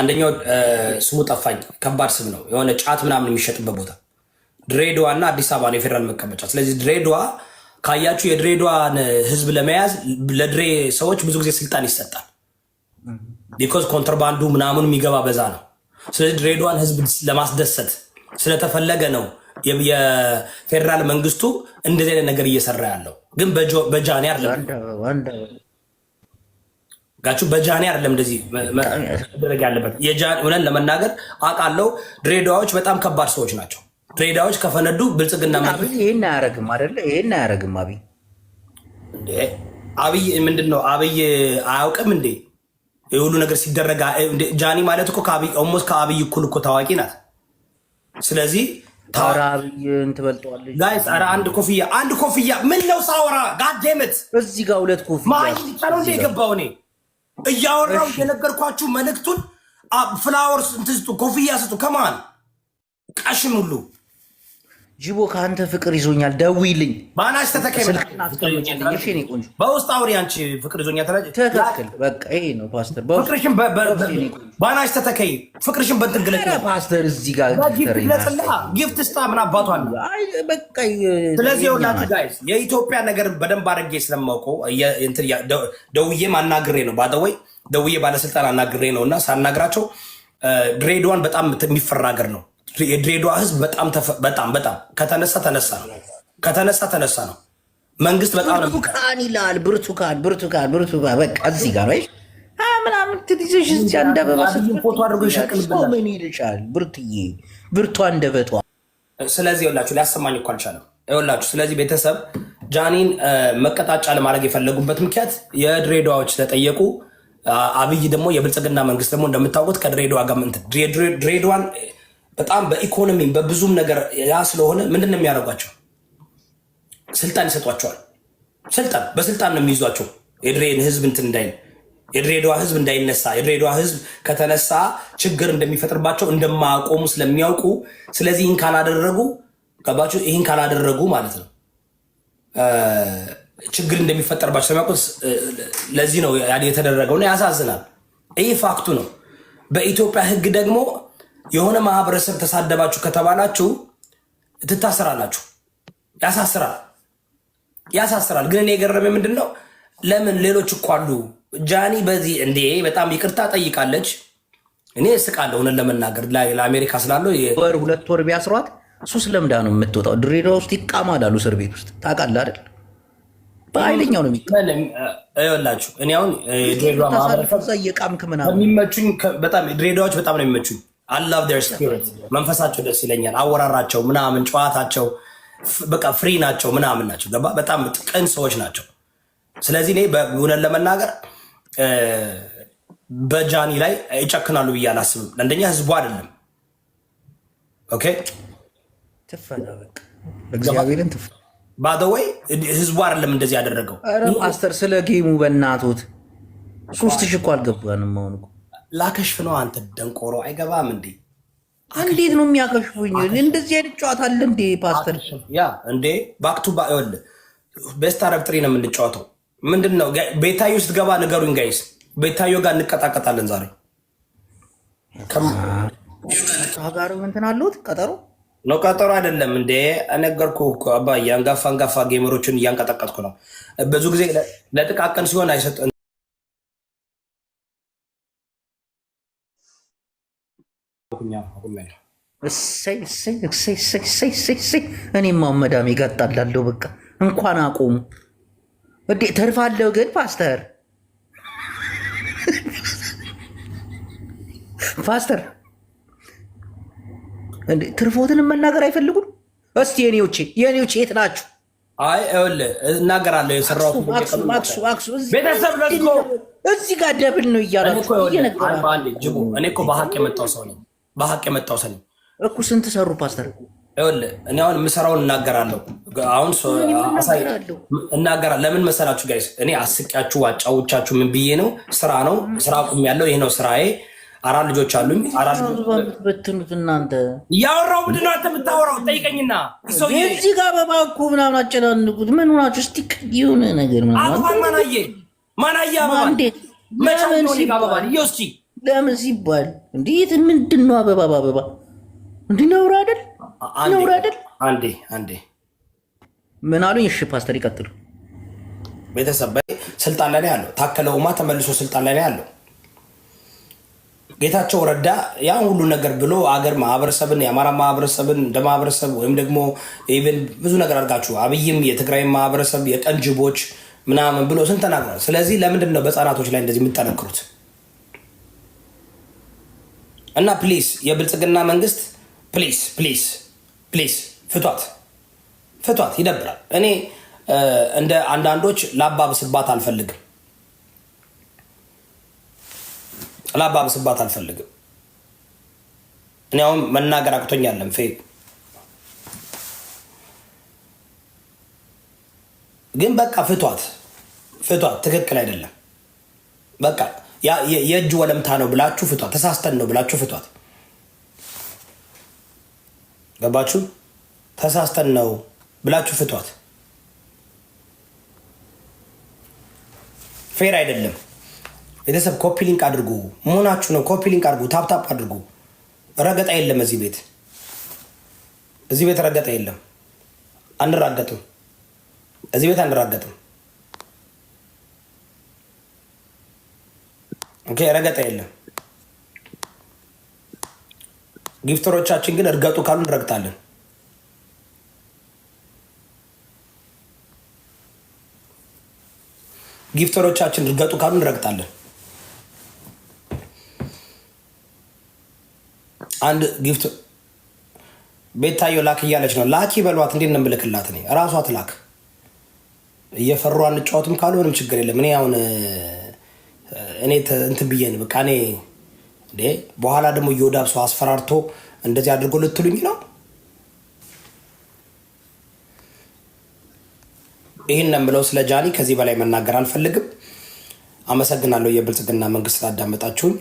አንደኛው ስሙ ጠፋኝ፣ ከባድ ስም ነው። የሆነ ጫት ምናምን የሚሸጥበት ቦታ ድሬድዋ እና አዲስ አበባ ነው የፌደራል መቀመጫ። ስለዚህ ድሬድዋ ካያችሁ የድሬዳዋን ህዝብ ለመያዝ ለድሬ ሰዎች ብዙ ጊዜ ስልጣን ይሰጣል። ቢኮዝ ኮንትርባንዱ ምናምን የሚገባ በዛ ነው። ስለዚህ ድሬድዋን ህዝብ ለማስደሰት ስለተፈለገ ነው የፌዴራል መንግስቱ እንደዚህ አይነት ነገር እየሰራ ያለው። ግን በጃኔ አለ ጋቹ በጃኔ አይደለም እንደዚህ መደረግ ያለበት። እውነት ለመናገር አውቃለሁ፣ ድሬዳዎች በጣም ከባድ ሰዎች ናቸው። ድሬዳዎች ከፈነዱ ብልጽግና ይህን አያረግም አይደለ? ይህን አያረግም። አብይ እንዴ አብይ ምንድን ነው አብይ አያውቅም እንዴ? የሁሉ ነገር ሲደረጋ ጃኒ ማለት እኮ ኦሞስ ከአብይ እኩል እኮ ታዋቂ ናት። ስለዚህ ጋይስ አንድ ኮፍያ አንድ ኮፍያ ምን ነው ሳወራ ጋዴምት እዚህ ጋር ሁለት ኮፍያ ማይ ብቻ እንደ የገባው እኔ እያወራው የነገርኳችሁ መልእክቱን ፍላወርስ እንትን ኮፍያ ስጡ፣ ከማን ቀሽን ሁሉ ጅቦ ከአንተ ፍቅር ይዞኛል፣ ደውይልኝ። ማናሽ ተተከኝ ቆንጆ በውስጥ አውሪ። አንቺ ፍቅር ይዞኛል ተከክል። በቃ ይሄ ነው ፓስተር። ባናሽ ተተከይ ፍቅርሽን በእንትን ግለጽ። ፓስተር እዚህ ጋር ጊፍት ስጣ ምን አባቷ ስለዚህ ሁላቱ ጋይስ የኢትዮጵያ ነገር በደንብ አድርጌ ስለማውቀው ደውዬ ማናግሬ ነው ባደወይ ደውዬ ባለስልጣን አናግሬ ነው እና ሳናግራቸው ድሬድዋን በጣም የሚፈራገር ነው የድሬዳዋ ህዝብ በጣም በጣም በጣም ከተነሳ ተነሳ ነው። ከተነሳ ተነሳ ነው። መንግስት በጣም ብርቱካን ይላል። ብርቱካን ብርቱካን ብርቱካን በቃ እዚህ ጋር ወይ ምናምን ትይዘሽ እዚህ እንደበባፎቶ አድርጎ ይሸቅልብናል። ምን ይልሻል? ብርትዬ ብርቱ አንደበቷ። ስለዚህ ይኸውላችሁ ሊያሰማኝ እኮ አልቻለም። ይኸውላችሁ ስለዚህ ቤተሰብ ጃኒን መቀጣጫ ለማድረግ የፈለጉበት ምክንያት የድሬዳዋዎች ተጠየቁ። አብይ ደግሞ የብልጽግና መንግስት ደግሞ እንደምታውቁት ከድሬዳዋ ጋር ድሬዳዋን በጣም በኢኮኖሚ በብዙም ነገር ያ ስለሆነ ምንድን ነው የሚያደርጓቸው? ስልጣን ይሰጧቸዋል። ስልጣን በስልጣን ነው የሚይዟቸው። የድሬን ህዝብ እንትን እንዳይ የድሬዳዋ ህዝብ እንዳይነሳ የድሬዳዋ ህዝብ ከተነሳ ችግር እንደሚፈጥርባቸው እንደማያቆሙ ስለሚያውቁ ስለዚህ ይህን ካላደረጉ ገባችሁ፣ ይህን ካላደረጉ ማለት ነው ችግር እንደሚፈጠርባቸው ስለሚያውቁ ለዚህ ነው የተደረገው። ያሳዝናል። ይህ ፋክቱ ነው። በኢትዮጵያ ህግ ደግሞ የሆነ ማህበረሰብ ተሳደባችሁ ከተባላችሁ ትታሰራላችሁ። ያሳስራል ያሳስራል። ግን እኔ የገረመ ምንድን ነው? ለምን ሌሎች እኮ አሉ። ጃኒ በዚህ እንዴ በጣም ይቅርታ ጠይቃለች። እኔ እስቃለሁ፣ እውነት ለመናገር ለአሜሪካ ስላለው ወር ሁለት ወር ቢያስሯት ሱስ ለምዳ ነው የምትወጣው። ድሬዳዋ ውስጥ ይቃማላሉ እስር ቤት ውስጥ ታውቃለህ አይደል? በኃይለኛው ነው የሚላችሁ። እኔ አሁን ድሬዳዋ ማህበረሰብ እየቃምክ ምናምን የሚመቹኝ በጣም ድሬዳዎች በጣም ነው የሚመቹኝ አላቭ ር ስፒሪት መንፈሳቸው ደስ ይለኛል። አወራራቸው ምናምን ጨዋታቸው በቃ ፍሪ ናቸው ምናምን ናቸው። ገባ በጣም ቅን ሰዎች ናቸው። ስለዚህ እኔ እውነት ለመናገር በጃኒ ላይ ይጨክናሉ ብዬ አላስብም። አንደኛ ህዝቡ አይደለም ኦኬ ህዝቡ አይደለም እንደዚህ ያደረገው። ስለ ጌሙ በእናቶት ሶስት ሺህ እኮ አልገባንም አሁን ላከሽፍ ነው አንተ ደንቆሮ፣ አይገባም እንዴ? እንዴት ነው የሚያከሽፉኝ? እንደዚህ አይነት ጨዋታ አለ እንዴ ፓስተር? ያ እንዴ ባክቱ ባል በስታ ረብጥሪ ነው የምንጫወተው። ምንድን ነው ቤታዮ ስትገባ ንገሩኝ ጋይስ። ቤታዮ ጋር እንቀጣቀጣለን ዛሬ ጋር እንትን አለሁት ቀጠሮ ነው ቀጠሮ አይደለም እንዴ ነገርኩ እኮ አባዬ። አንጋፋ አንጋፋ ጌመሮችን እያንቀጠቀጥኩ ነው። ብዙ ጊዜ ለጥቃቅን ሲሆን አይሰጥ እሰይ እሰይ እሰይ እሰይ እሰይ እኔማ መዳም ይጋጣላለሁ። በቃ እንኳን አቁሙ እንዴ ተርፋለሁ። ግን ፓስተር ፓስተር እንዴ ትርፎትን መናገር አይፈልጉም። እስቲ የኔዎቼ የኔዎቼ የት ናችሁ? አይ ይኸውልህ እናገራለሁ። የሰራሁት እዚህ ጋር ደብል ነው እያላችሁ እኔ እኮ በሀቅ የመጣው ሰው ነኝ በሀቅ የመጣው ሰኒ እኮ ስንት ሰሩ ፓስተር እኔ አሁን የምሰራውን እናገራለሁ። አሁን እናገራ ለምን መሰላችሁ ጋይስ? እኔ አስቂያችሁ አጫውቻችሁ ምን ብዬ ነው? ስራ ነው ስራ ቁም ያለው ይህ ነው ስራዬ። አራት ልጆች አሉኝ። በትኑት እናንተ ያወራው ምንድን ነው አንተ የምታወራው? ጠይቀኝና እዚህ ጋር በባኩ ምናምን አጨናንቁት። ምን ሆናችሁ? እስኪ የሆነ ነገር ማናየ ማናየ አበባ መቻ ሆ አበባ እየው እስኪ ለምን ሲባል እንዴት ምንድን ነው አበባ በአበባ እንዲህ ነውር አይደል? ነውር አይደል? አንዴ አንዴ ምን አሉኝ? እሺ ፓስተር ይቀጥሉ። ቤተሰብ ስልጣን ላይ ያለው ታከለ ኡማ ተመልሶ ስልጣን ላይ ያለው ጌታቸው ረዳ ያን ሁሉ ነገር ብሎ አገር ማህበረሰብን የአማራ ማህበረሰብን እንደ ማህበረሰብ ወይም ደግሞ ኢቨን ብዙ ነገር አድርጋችሁ አብይም የትግራይ ማህበረሰብ የቀንጅቦች ምናምን ብሎ ስንት ተናግሯል። ስለዚህ ለምንድን ነው በህፃናቶች ላይ እንደዚህ የምጠነክሩት? እና ፕሊስ የብልጽግና መንግስት ፕሊስ ፕሊስ ፕሊስ ፍቷት ፍቷት። ይደብራል። እኔ እንደ አንዳንዶች ላባብስባት አልፈልግም፣ ላባብስባት አልፈልግም። እኔ አሁን መናገር አቅቶኛለም። ፌ ግን በቃ ፍቷት ፍቷት። ትክክል አይደለም በቃ የእጅ ወለምታ ነው ብላችሁ ፍቷት። ተሳስተን ነው ብላችሁ ፍቷት። ገባችሁ? ተሳስተን ነው ብላችሁ ፍቷት። ፌር አይደለም። ቤተሰብ ኮፒ ሊንክ አድርጉ፣ መሆናችሁ ነው። ኮፒ ሊንክ አድርጉ፣ ታፕታፕ አድርጉ። ረገጣ የለም እዚህ ቤት፣ እዚህ ቤት ረገጣ የለም። አንራገጥም፣ እዚህ ቤት አንራገጥም። ረገጣ የለም። ጊፍተሮቻችን ግን እርገጡ ካሉ እንረግጣለን። ጊፍተሮቻችን እርገጡ ካሉ እንረግጣለን። አንድ ጊፍት ቤታየው ላክ እያለች ነው። ላኪ በሏት። እንዴት ነው የምልክላት? እኔ እራሷ ትላክ። እየፈሩ አንጫወትም ካሉ ምንም ችግር የለም። እኔ አሁን እኔ እንትን ብዬ በቃ እኔ በኋላ ደግሞ እየወዳብ ሰው አስፈራርቶ እንደዚህ አድርጎ ልትሉኝ ነው። ይህን ነው የምለው ስለ ጃኒ። ከዚህ በላይ መናገር አልፈልግም። አመሰግናለሁ። የብልጽግና መንግስት ስላዳመጣችሁኝ